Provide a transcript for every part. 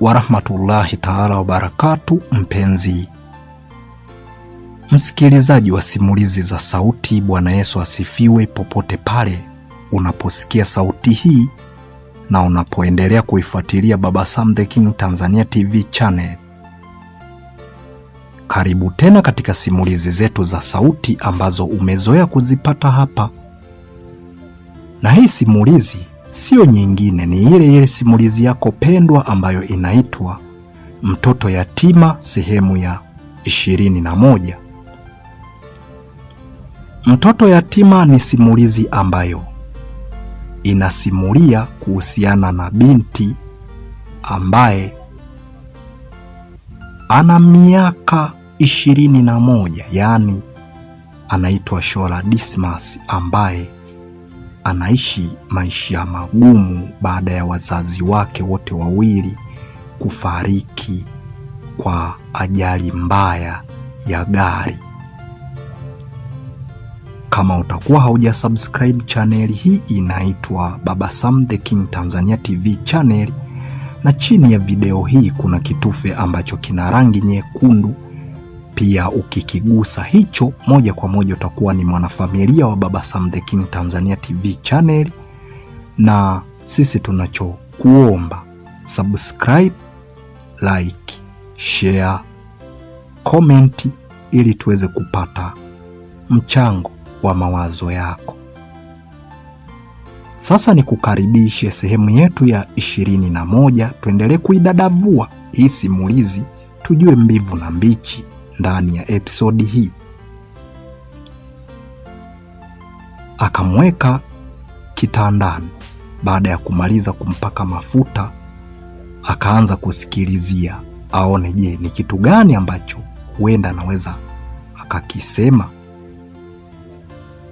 wa rahmatullahi taala wabarakatu. Mpenzi msikilizaji wa simulizi za sauti, Bwana Yesu asifiwe. Popote pale unaposikia sauti hii na unapoendelea kuifuatilia Baba Sam the King Tanzania TV channel, karibu tena katika simulizi zetu za sauti ambazo umezoea kuzipata hapa, na hii simulizi sio nyingine, ni ile ile simulizi yako pendwa ambayo inaitwa Mtoto Yatima sehemu ya ishirini na moja. Mtoto Yatima ni simulizi ambayo inasimulia kuhusiana na binti ambaye ana miaka ishirini na moja, yaani anaitwa Shola Dismas ambaye anaishi maisha magumu baada ya wazazi wake wote wawili kufariki kwa ajali mbaya ya gari. Kama utakuwa subscribe channel hii inaitwa Baba Sam The King Tanzania TV channel, na chini ya video hii kuna kitufe ambacho kina rangi nyekundu pia ukikigusa hicho moja kwa moja utakuwa ni mwanafamilia wa Baba Sam The King Tanzania TV channel, na sisi tunachokuomba subscribe, like, share, comment ili tuweze kupata mchango wa mawazo yako. Sasa nikukaribishe sehemu yetu ya ishirini na moja, tuendelee kuidadavua hii simulizi tujue mbivu na mbichi ndani ya episodi hii. Akamweka kitandani. Baada ya kumaliza kumpaka mafuta, akaanza kusikilizia aone, je, ni kitu gani ambacho huenda anaweza akakisema.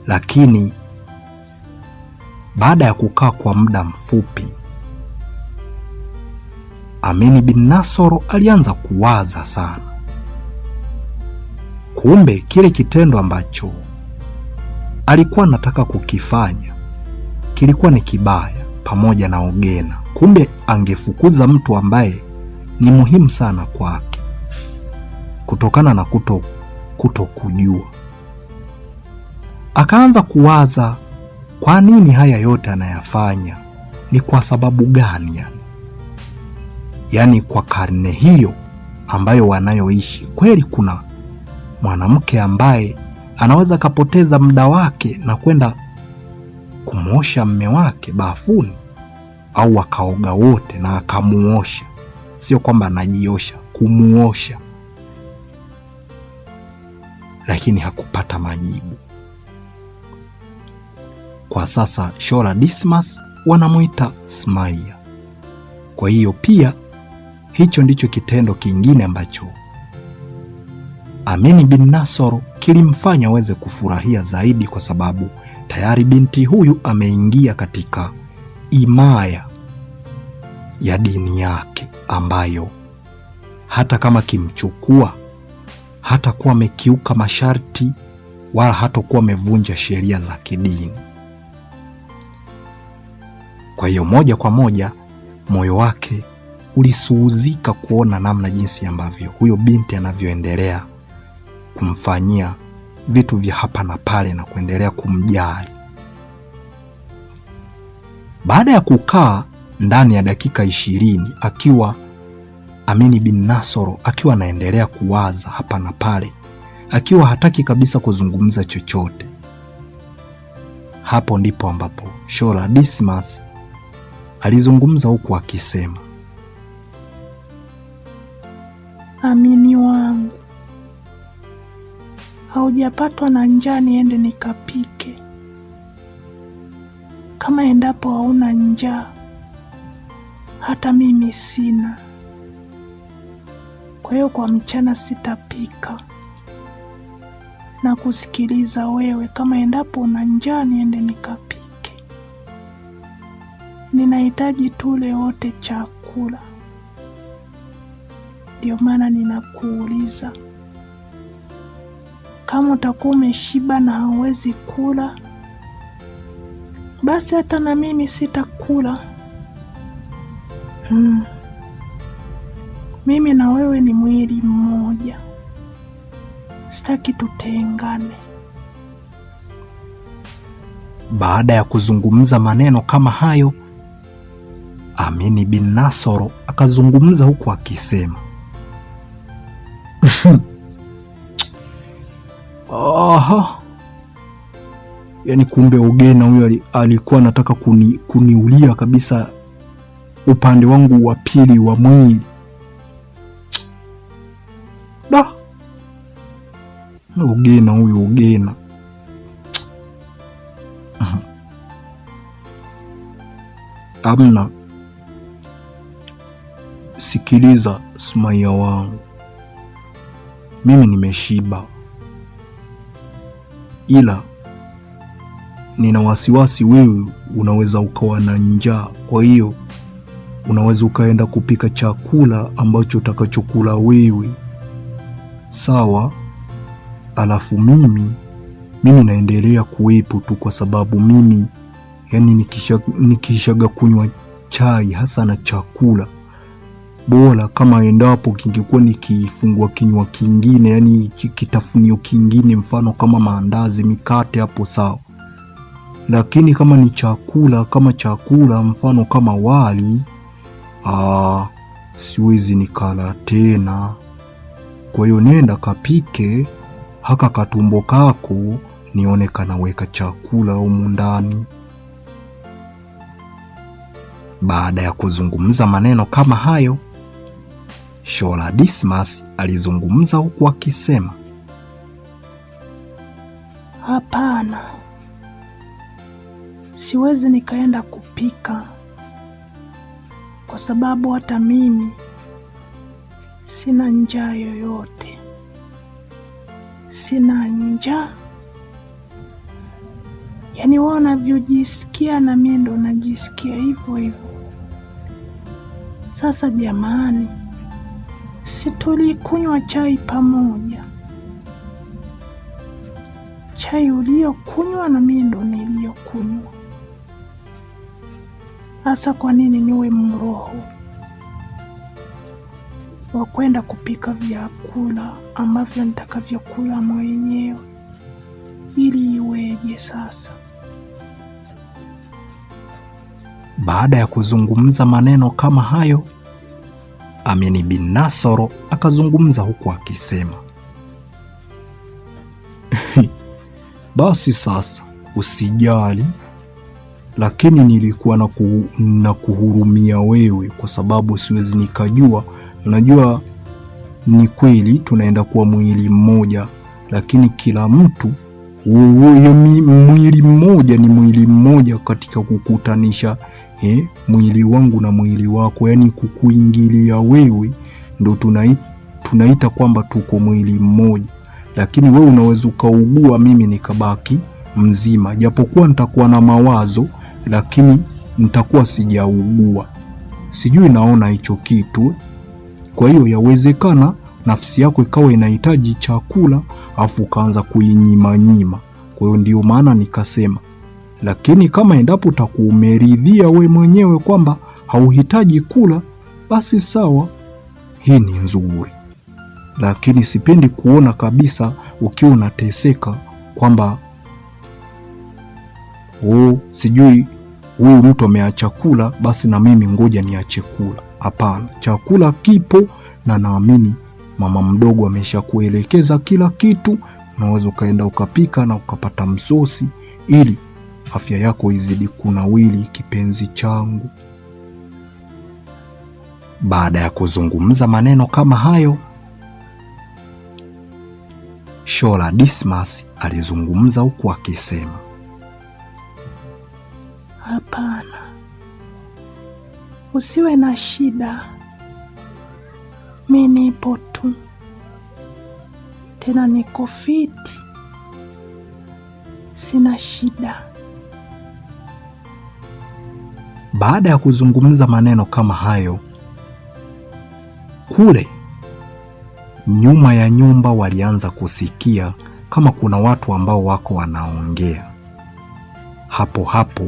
Lakini baada ya kukaa kwa muda mfupi, Amini bin Nasoro alianza kuwaza sana. Kumbe kile kitendo ambacho alikuwa anataka kukifanya kilikuwa ni kibaya pamoja na ogena. Kumbe angefukuza mtu ambaye ni muhimu sana kwake kutokana na kuto kutokujua. Akaanza kuwaza kwa nini haya yote anayafanya, ni kwa sababu gani? Yani, yani kwa karne hiyo ambayo wanayoishi kweli kuna mwanamke ambaye anaweza akapoteza muda wake na kwenda kumwosha mme wake bafuni au akaoga wote na akamuosha, sio kwamba anajiosha, kumuosha, lakini hakupata majibu. Kwa sasa Shora Dismas wanamwita Smaia. Kwa hiyo pia hicho ndicho kitendo kingine ambacho amini bin Nasor kilimfanya aweze kufurahia zaidi, kwa sababu tayari binti huyu ameingia katika imaya ya dini yake ambayo hata kama kimchukua hatakuwa amekiuka masharti wala hatakuwa amevunja sheria za kidini. Kwa hiyo moja kwa moja moyo wake ulisuhuzika kuona namna jinsi ambavyo huyo binti anavyoendelea kumfanyia vitu vya hapa na pale na kuendelea kumjali. Baada ya kukaa ndani ya dakika ishirini akiwa Amini bin Nasoro akiwa anaendelea kuwaza hapa na pale, akiwa hataki kabisa kuzungumza chochote, hapo ndipo ambapo Shola Dismas alizungumza huku akisema, Amini wangu haujapatwa na njaa niende nikapike, kama endapo hauna njaa, hata mimi sina. Kwa hiyo kwa mchana sitapika na kusikiliza wewe. Kama endapo una njaa niende nikapike, ninahitaji tule wote chakula. Ndio maana ninakuuliza kama utakuwa umeshiba na hauwezi kula, basi hata na mimi sitakula. Hmm. Mimi na wewe ni mwili mmoja, sitaki tutengane. Baada ya kuzungumza maneno kama hayo, Amini bin Nasoro akazungumza huku akisema aha, yani kumbe Ogena huyo alikuwa anataka kuni, kuniulia kabisa upande wangu wa pili wa mwili da. Ogena huyo Ogena amna. Sikiliza Smaia wangu, mimi nimeshiba ila nina wasiwasi wewe unaweza ukawa na njaa, kwa hiyo unaweza ukaenda kupika chakula ambacho utakachokula wewe, sawa? Alafu mimi mimi naendelea kuwepo tu, kwa sababu mimi yani nikishaga kunywa chai hasa na chakula bora kama endapo kingekuwa ni kifungua kinywa kingine, yani kitafunio kingine, mfano kama maandazi, mikate, hapo sawa. Lakini kama ni chakula kama chakula, mfano kama wali, aa, siwezi nikala tena. Kwa hiyo nenda kapike haka katumbo kako, nione kanaweka chakula humu ndani. Baada ya kuzungumza maneno kama hayo Shola Dismas alizungumza huku akisema, hapana, siwezi nikaenda kupika kwa sababu hata mimi sina njaa yoyote, sina njaa. Yaani wewe unavyojisikia na mimi ndo najisikia hivyo hivyo. Sasa jamani si tulikunywa chai pamoja? Chai uliyokunywa na mimi ndo niliyokunywa. Hasa kwa nini niwe mroho wa kwenda kupika vyakula ambavyo nitakavyokula mwenyewe? Ili iweje sasa? Baada ya kuzungumza maneno kama hayo, Amini bin Nasoro akazungumza huku akisema, basi sasa usijali, lakini nilikuwa na, ku, na kuhurumia wewe kwa sababu siwezi nikajua. Unajua ni kweli tunaenda kuwa mwili mmoja, lakini kila mtu huyo mwili mmoja ni mwili mmoja katika kukutanisha eh, mwili wangu na mwili wako, yaani kukuingilia wewe ndo tunaita, tunaita kwamba tuko mwili mmoja, lakini wewe unaweza ukaugua, mimi nikabaki mzima, japokuwa nitakuwa na mawazo lakini nitakuwa sijaugua. Sijui naona hicho kitu. Kwa hiyo yawezekana nafsi yako ikawa inahitaji chakula afu ukaanza kuinyimanyima. Kwa hiyo ndio maana nikasema lakini kama endapo utakuumeridhia we mwenyewe kwamba hauhitaji kula, basi sawa, hii ni nzuri. Lakini sipendi kuona kabisa ukiwa unateseka kwamba oh, sijui huyu mtu ameacha kula, basi na mimi ngoja niache kula. Hapana, chakula kipo, na naamini mama mdogo ameshakuelekeza kila kitu. Unaweza ukaenda ukapika na ukapata msosi ili afya yako izidi kunawili, kipenzi changu. Baada ya kuzungumza maneno kama hayo, Shola Dismas alizungumza huku akisema, hapana, usiwe na shida, mi nipo tu, tena niko fiti, sina shida. Baada ya kuzungumza maneno kama hayo, kule nyuma ya nyumba walianza kusikia kama kuna watu ambao wako wanaongea. Hapo hapo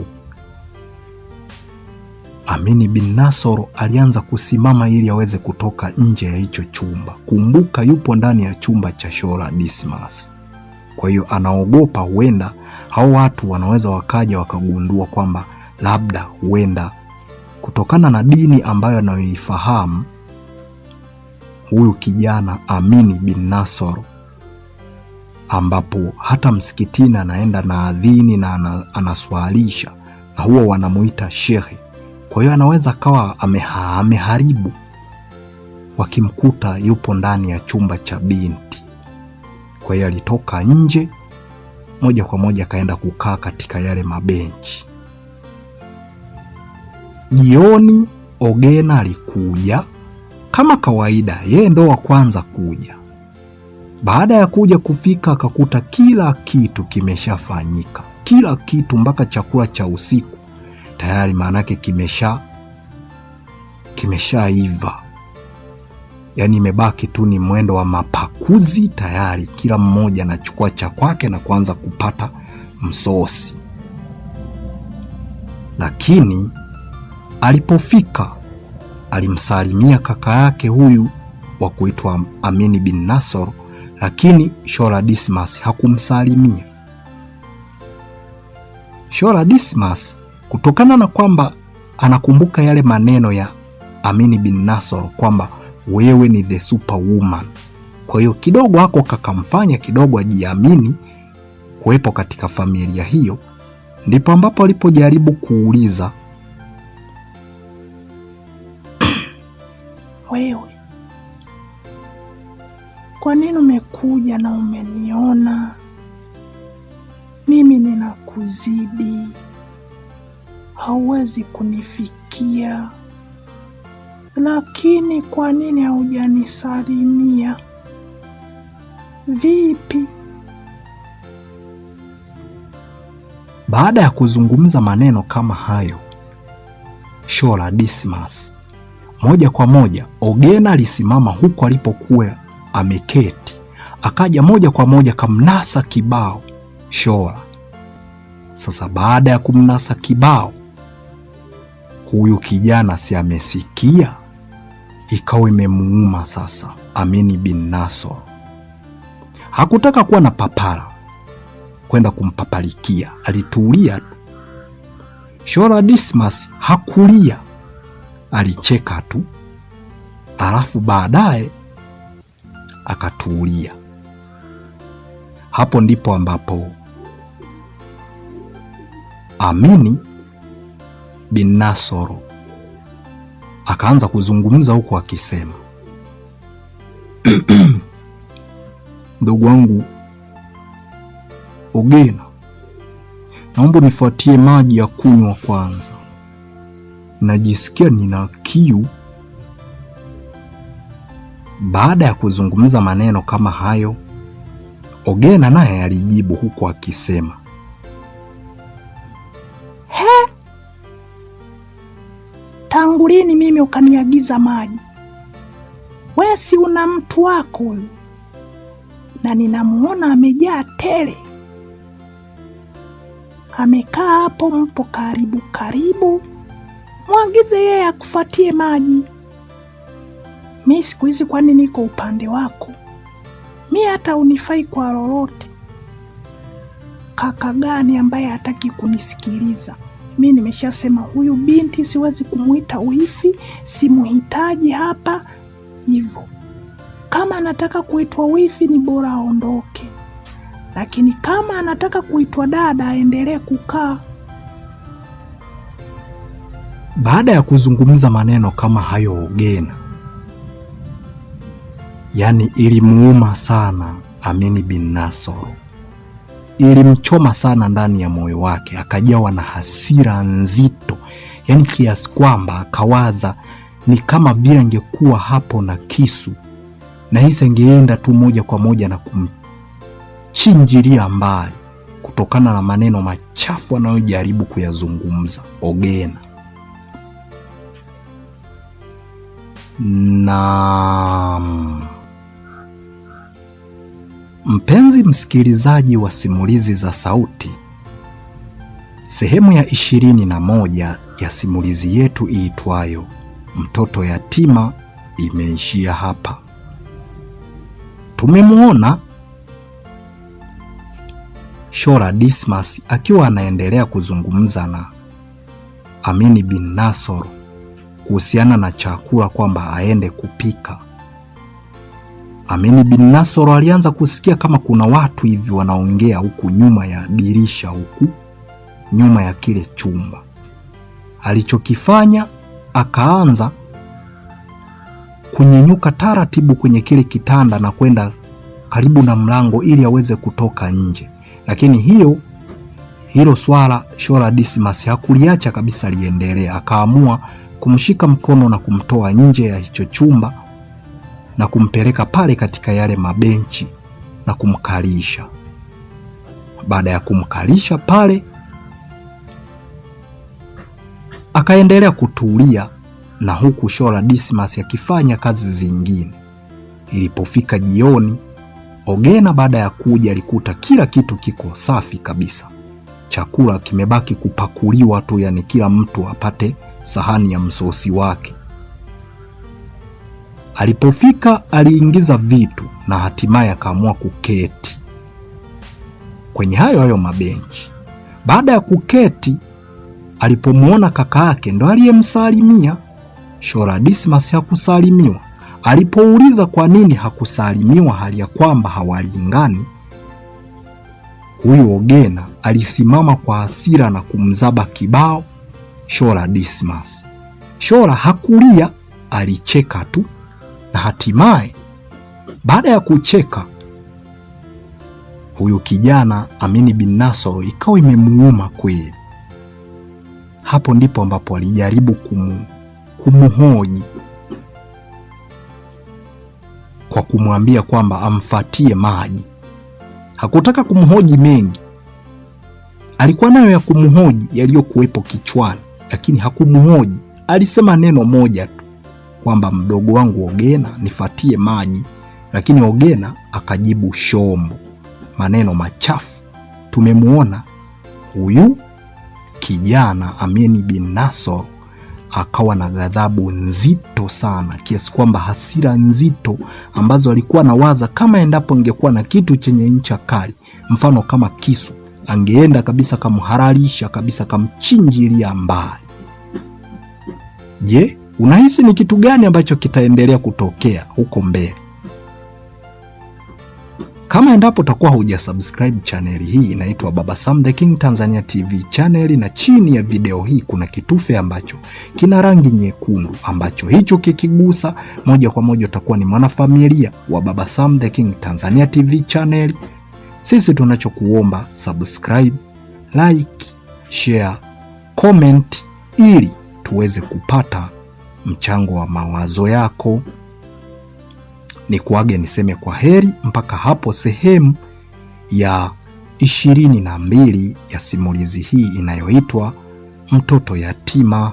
Amini bin Nasoro alianza kusimama ili aweze kutoka nje ya hicho chumba. Kumbuka yupo ndani ya chumba cha Shola Dismas, kwa hiyo anaogopa, huenda hao watu wanaweza wakaja wakagundua kwamba labda huenda kutokana na dini ambayo anayoifahamu huyu kijana Amini bin nasoro ambapo hata msikitini anaenda na adhini na anaswalisha na huwa wanamuita shehe. Kwa hiyo anaweza akawa ameha, ameharibu wakimkuta yupo ndani ya chumba cha binti. Kwa hiyo alitoka nje moja kwa moja akaenda kukaa katika yale mabenchi. Jioni Ogena alikuja kama kawaida, yeye ndo wa kwanza kuja. Baada ya kuja kufika, akakuta kila kitu kimeshafanyika, kila kitu mpaka chakula cha usiku tayari, maanake kimesha kimeshaiva, yaani imebaki tu ni mwendo wa mapakuzi tayari. Kila mmoja anachukua cha kwake na kuanza kupata msosi, lakini Alipofika alimsalimia kaka yake huyu wa kuitwa Amini bin Nasor, lakini Shola Dismas hakumsalimia. Shola Dismas kutokana na kwamba anakumbuka yale maneno ya Amini bin Nasor kwamba wewe ni the superwoman. Kwa hiyo kidogo hako kakamfanya kidogo ajiamini kuwepo katika familia hiyo, ndipo ambapo alipojaribu kuuliza wewe. Kwa nini umekuja na umeniona mimi ninakuzidi? Hauwezi kunifikia, lakini kwa nini haujanisalimia? Vipi? Baada ya kuzungumza maneno kama hayo, Shola Dismas moja kwa moja Ogena alisimama huko alipokuwa ameketi, akaja moja kwa moja kamnasa kibao Shola. Sasa baada ya kumnasa kibao, huyu kijana si amesikia, ikawa imemuuma sasa. Amini bin Nasor hakutaka kuwa na papara kwenda kumpapalikia, alitulia tu. Shola Dismas hakulia alicheka tu, alafu baadaye akatuulia. Hapo ndipo ambapo Amini bin Nasoro akaanza kuzungumza huku akisema, ndugu wangu Ogena, naomba nifuatie maji ya kunywa kwanza najisikia nina kiu. Baada ya kuzungumza maneno kama hayo, Ogena naye alijibu huku akisema, he, tangu lini mimi ukaniagiza maji? We si una mtu wako huyu, na ninamuona amejaa tele, amekaa hapo, mpo karibu karibu mwagize yeye akufatie maji. Mi siku hizi kwani niko upande wako? Mi hata unifai kwa lolote. Kaka gani ambaye hataki kunisikiliza? Mi nimeshasema huyu binti siwezi kumwita wifi, simuhitaji hapa hivyo. Kama anataka kuitwa wifi ni bora aondoke, lakini kama anataka kuitwa dada aendelee kukaa. Baada ya kuzungumza maneno kama hayo Ogena, yaani ilimuuma sana Amini bin nasoro ilimchoma sana ndani ya moyo wake, akajawa na hasira nzito, yaani kiasi kwamba akawaza ni kama vile angekuwa hapo na kisu na hisi angeenda tu moja kwa moja na kumchinjilia mbali, kutokana na maneno machafu anayojaribu kuyazungumza Ogena. Naam, mpenzi msikilizaji wa simulizi za sauti, sehemu ya ishirini na moja ya simulizi yetu iitwayo Mtoto Yatima imeishia hapa. Tumemwona Shora Dismas akiwa anaendelea kuzungumza na Amini bin Nasoro kuhusiana na chakula kwamba aende kupika. Amini bin Nasoro alianza kusikia kama kuna watu hivi wanaongea huku nyuma ya dirisha, huku nyuma ya kile chumba. Alichokifanya akaanza kunyenyuka taratibu kwenye kile kitanda na kwenda karibu na mlango ili aweze kutoka nje, lakini hiyo hilo swala Shora Dismas hakuliacha kabisa, liendelea. Akaamua kumshika mkono na kumtoa nje ya hicho chumba na kumpeleka pale katika yale mabenchi na kumkalisha. Baada ya kumkalisha pale, akaendelea kutulia na huku Shola Dismas akifanya kazi zingine. Ilipofika jioni, Ogena baada ya kuja alikuta kila kitu kiko safi kabisa, chakula kimebaki kupakuliwa tu, yani kila mtu apate sahani ya msosi wake. Alipofika aliingiza vitu na hatimaye akaamua kuketi kwenye hayo hayo mabenchi. Baada ya kuketi, alipomwona kaka yake ndo aliyemsalimia Shora. Dismas hakusalimiwa. Alipouliza kwa nini hakusalimiwa hali ya kwamba hawalingani, huyo Ogena alisimama kwa hasira na kumzaba kibao Shola Dismas. Shora hakulia, alicheka tu, na hatimaye baada ya kucheka huyu kijana Amini bin Nasoro ikawa imemuuma kweli. Hapo ndipo ambapo alijaribu kumu, kumuhoji kwa kumwambia kwamba amfatie maji. Hakutaka kumhoji mengi, alikuwa nayo ya kumhoji yaliyokuwepo kichwani lakini hakumhoji. Alisema neno moja tu kwamba mdogo wangu Ogena nifatie maji, lakini Ogena akajibu shombo, maneno machafu. Tumemwona huyu kijana Amini bin Nasor akawa na ghadhabu nzito sana, kiasi kwamba hasira nzito ambazo alikuwa nawaza kama endapo angekuwa na kitu chenye ncha kali, mfano kama kisu, angeenda kabisa kamhararisha kabisa, kamchinjilia mbali. Je, unahisi ni kitu gani ambacho kitaendelea kutokea huko mbele? Kama endapo utakuwa hujasubscribe chaneli hii inaitwa Baba Sam The King Tanzania TV channel, na chini ya video hii kuna kitufe ambacho kina rangi nyekundu, ambacho hicho kikigusa moja kwa moja utakuwa ni mwanafamilia wa Baba Sam The King Tanzania TV chaneli. Sisi tunachokuomba subscribe, like, share, comment ili tuweze kupata mchango wa mawazo yako. Ni kuage niseme kwa heri mpaka hapo sehemu ya ishirini na mbili ya simulizi hii inayoitwa Mtoto Yatima.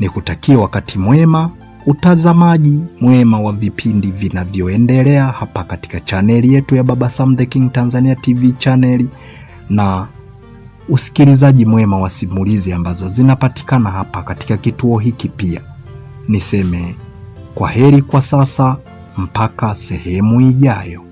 Nikutakie wakati mwema, utazamaji mwema wa vipindi vinavyoendelea hapa katika chaneli yetu ya Baba Sam the King Tanzania TV chaneli na usikilizaji mwema wa simulizi ambazo zinapatikana hapa katika kituo hiki. Pia niseme kwa heri kwa sasa mpaka sehemu ijayo.